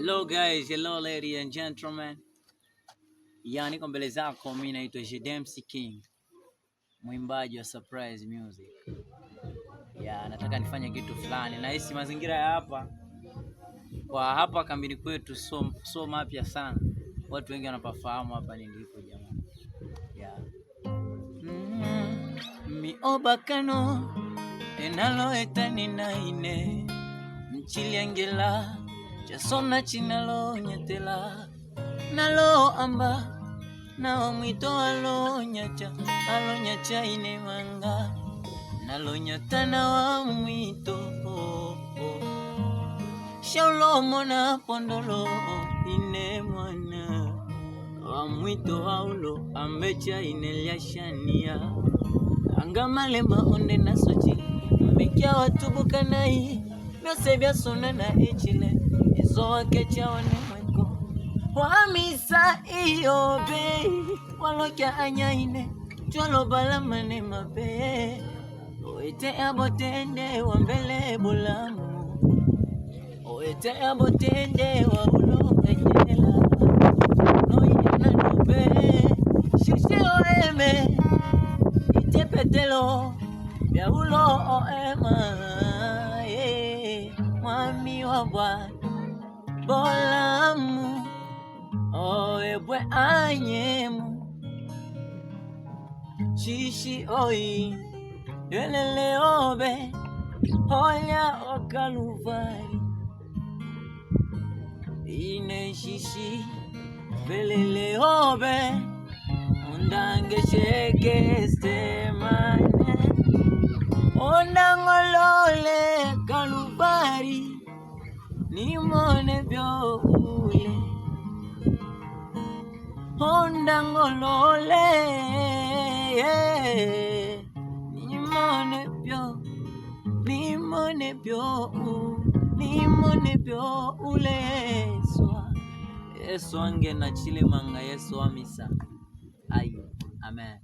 Hello guys, hello ladies and gentlemen. Ya niko mbele zako, mimi naitwa Jedemsi King, mwimbaji wa surprise music. Ya nataka nifanye kitu fulani, nahisi mazingira ya hapa kwa hapa kambini kwetu so, so mapya sana, watu wengi wanapafahamu hapa nilipo jamani. Ya mm -hmm. miobakano enaloeta ninaine jasomeci nalonyetela nalo amba nawa mwito alonyaca alonyaca ine manga nalonyata nawa mwito oh, oh. shaulomona pondolo ine mwana wa mwito aulo ambecha ine lyashania anga malema onde nasochi mbekia watubukanai byose byasonana echile ezokecaone mwengo wamisa iyobe waloka anyaine twalobala mane mabe oete abotende wa mbele bulamu oetea botende wa bulokanyela noyena nobe shishi oeme itepetelo bya oema mwami wa bwana bolamu oebwe anyemu shishi oi yeleleobe hoya okaluvari ine shishi obe, undange shekeste Honda ngolole nimone byo nimone byo nimone byo ule yeswa yesu ange na chilimanga amen